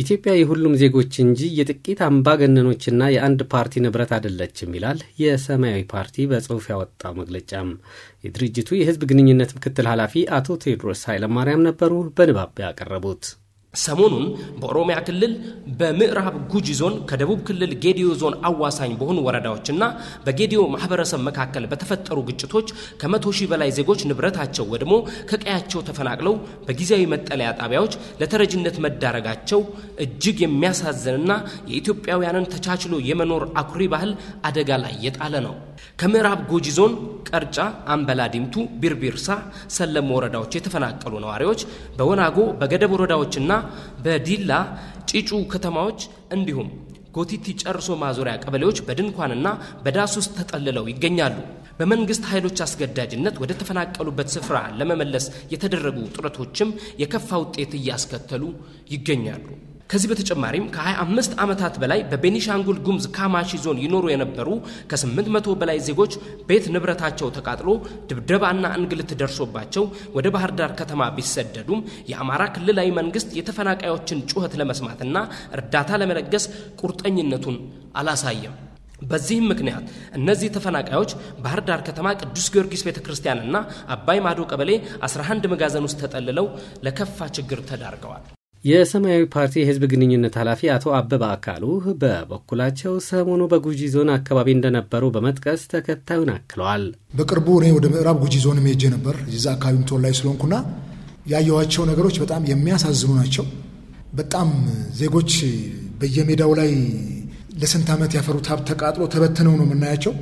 ኢትዮጵያ የሁሉም ዜጎች እንጂ የጥቂት አምባገነኖችና የአንድ ፓርቲ ንብረት አይደለችም ይላል የሰማያዊ ፓርቲ በጽሑፍ ያወጣው መግለጫም። የድርጅቱ የህዝብ ግንኙነት ምክትል ኃላፊ አቶ ቴዎድሮስ ኃይለማርያም ነበሩ በንባብ ያቀረቡት። ሰሞኑን በኦሮሚያ ክልል በምዕራብ ጉጂ ዞን ከደቡብ ክልል ጌዲዮ ዞን አዋሳኝ በሆኑ ወረዳዎችና በጌዲዮ ማህበረሰብ መካከል በተፈጠሩ ግጭቶች ከመቶ ሺህ በላይ ዜጎች ንብረታቸው ወድሞ ከቀያቸው ተፈናቅለው በጊዜያዊ መጠለያ ጣቢያዎች ለተረጅነት መዳረጋቸው እጅግ የሚያሳዝንና የኢትዮጵያውያንን ተቻችሎ የመኖር አኩሪ ባህል አደጋ ላይ የጣለ ነው። ከምዕራብ ጉጂ ዞን ቀርጫ፣ አምበላ ዲምቱ፣ ቢርቢርሳ፣ ሰለሞ ወረዳዎች የተፈናቀሉ ነዋሪዎች በወናጎ በገደብ ወረዳዎችና በዲላ ጪጩ ከተማዎች እንዲሁም ጎቲቲ ጨርሶ ማዞሪያ ቀበሌዎች በድንኳንና በዳስ ውስጥ ተጠልለው ይገኛሉ። በመንግስት ኃይሎች አስገዳጅነት ወደ ተፈናቀሉበት ስፍራ ለመመለስ የተደረጉ ጥረቶችም የከፋ ውጤት እያስከተሉ ይገኛሉ። ከዚህ በተጨማሪም ከ25 ዓመታት በላይ በቤኒሻንጉል ጉምዝ ካማሺ ዞን ይኖሩ የነበሩ ከ800 በላይ ዜጎች ቤት ንብረታቸው ተቃጥሎ ድብደባና እንግልት ደርሶባቸው ወደ ባህር ዳር ከተማ ቢሰደዱም የአማራ ክልላዊ መንግስት የተፈናቃዮችን ጩኸት ለመስማትና እርዳታ ለመለገስ ቁርጠኝነቱን አላሳየም። በዚህም ምክንያት እነዚህ ተፈናቃዮች ባህር ዳር ከተማ ቅዱስ ጊዮርጊስ ቤተ ክርስቲያንና አባይ ማዶ ቀበሌ 11 መጋዘን ውስጥ ተጠልለው ለከፋ ችግር ተዳርገዋል። የሰማያዊ ፓርቲ የህዝብ ግንኙነት ኃላፊ አቶ አበበ አካሉ በበኩላቸው ሰሞኑ በጉጂ ዞን አካባቢ እንደነበሩ በመጥቀስ ተከታዩን አክለዋል። በቅርቡ እኔ ወደ ምዕራብ ጉጂ ዞን ሄጄ ነበር። የዛ አካባቢም ተወላጅ ስለሆንኩና ያየኋቸው ነገሮች በጣም የሚያሳዝኑ ናቸው። በጣም ዜጎች በየሜዳው ላይ ለስንት ዓመት ያፈሩት ሀብት ተቃጥሎ ተበትነው ነው የምናያቸው።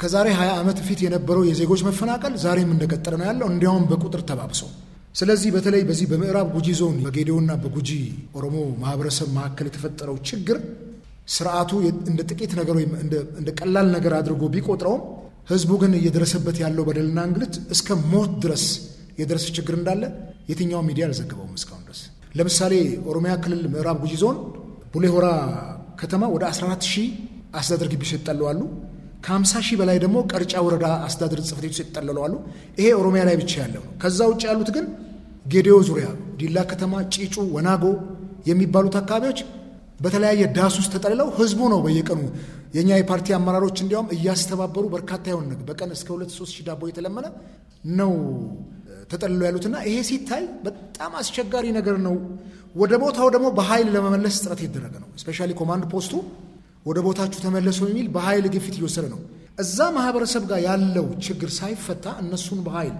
ከዛሬ 20 ዓመት ፊት የነበረው የዜጎች መፈናቀል ዛሬም እንደቀጠለ ነው ያለው። እንዲያውም በቁጥር ተባብሰው ስለዚህ በተለይ በዚህ በምዕራብ ጉጂ ዞን በጌዲዮና በጉጂ ኦሮሞ ማህበረሰብ መካከል የተፈጠረው ችግር ስርዓቱ እንደ ጥቂት ነገር ወይም እንደ ቀላል ነገር አድርጎ ቢቆጥረውም ህዝቡ ግን እየደረሰበት ያለው በደልና እንግልት እስከ ሞት ድረስ የደረሰ ችግር እንዳለ የትኛው ሚዲያ አልዘገበውም እስካሁን ድረስ። ለምሳሌ ኦሮሚያ ክልል ምዕራብ ጉጂ ዞን ቡሌሆራ ከተማ ወደ 14 ሺህ አስተዳደር ግቢ ሲጠለዋሉ ከ50 ሺህ በላይ ደግሞ ቀርጫ ወረዳ አስተዳደር ጽሕፈት ቤቶች የተጠለሉ አሉ። ይሄ ኦሮሚያ ላይ ብቻ ያለው ነው። ከዛ ውጭ ያሉት ግን ጌዴዮ ዙሪያ፣ ዲላ ከተማ፣ ጪጩ፣ ወናጎ የሚባሉት አካባቢዎች በተለያየ ዳስ ውስጥ ተጠልለው ህዝቡ ነው በየቀኑ የእኛ የፓርቲ አመራሮች እንዲያውም እያስተባበሩ በርካታ የሆነ ነገር በቀን እስከ ሁለት ሶስት ሺህ ዳቦ የተለመነ ነው ተጠልሎ ያሉትና ይሄ ሲታይ በጣም አስቸጋሪ ነገር ነው። ወደ ቦታው ደግሞ በኃይል ለመመለስ ጥረት የተደረገ ነው። ስፔሻሊ ኮማንድ ፖስቱ ወደ ቦታችሁ ተመለሱ የሚል በኃይል ግፊት እየወሰደ ነው። እዛ ማህበረሰብ ጋር ያለው ችግር ሳይፈታ እነሱን በኃይል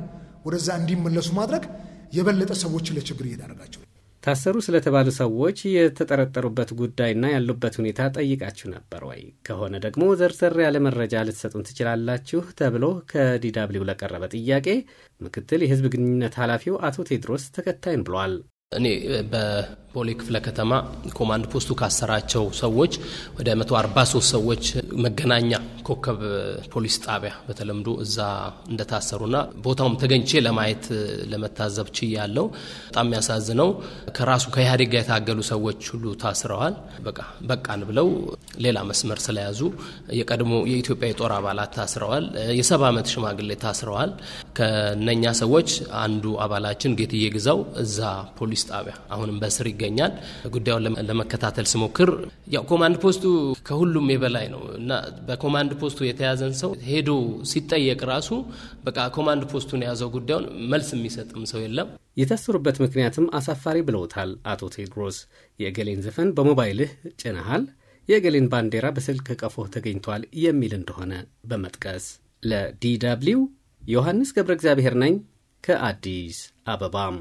ወደዛ እንዲመለሱ ማድረግ የበለጠ ሰዎችን ለችግር እየዳረጋቸው ታሰሩ ስለተባሉ ሰዎች የተጠረጠሩበት ጉዳይና ያሉበት ሁኔታ ጠይቃችሁ ነበር ወይ? ከሆነ ደግሞ ዘርዘር ያለ መረጃ ልትሰጡን ትችላላችሁ ተብሎ ከዲዳብሊው ለቀረበ ጥያቄ ምክትል የህዝብ ግንኙነት ኃላፊው አቶ ቴድሮስ ተከታይን ብሏል። እኔ በቦሌ ክፍለ ከተማ ኮማንድ ፖስቱ ካሰራቸው ሰዎች ወደ 143 ሰዎች መገናኛ ኮከብ ፖሊስ ጣቢያ በተለምዶ እዛ እንደታሰሩና ቦታውም ተገኝቼ ለማየት ለመታዘብ ያለው በጣም የሚያሳዝነው ከራሱ ከኢህአዴግ ጋር የታገሉ ሰዎች ሁሉ ታስረዋል። በቃ በቃን ብለው ሌላ መስመር ስለያዙ የቀድሞ የኢትዮጵያ የጦር አባላት ታስረዋል። የሰባ ዓመት ሽማግሌ ታስረዋል። ከነኛ ሰዎች አንዱ አባላችን ጌትዬ ግዛው እዛ ፖሊስ ፖሊስ ጣቢያ አሁንም በስር ይገኛል። ጉዳዩን ለመከታተል ስሞክር ያው ኮማንድ ፖስቱ ከሁሉም የበላይ ነው እና በኮማንድ ፖስቱ የተያዘን ሰው ሄዶ ሲጠየቅ ራሱ በቃ ኮማንድ ፖስቱን የያዘው ጉዳዩን መልስ የሚሰጥም ሰው የለም። የታሰሩበት ምክንያትም አሳፋሪ ብለውታል አቶ ቴድሮስ። የእገሌን ዘፈን በሞባይልህ ጭነሃል፣ የእገሌን ባንዲራ በስልክ ቀፎህ ተገኝቷል የሚል እንደሆነ በመጥቀስ ለዲ ደብልዩ ዮሐንስ ገብረ እግዚአብሔር ነኝ ከአዲስ አበባም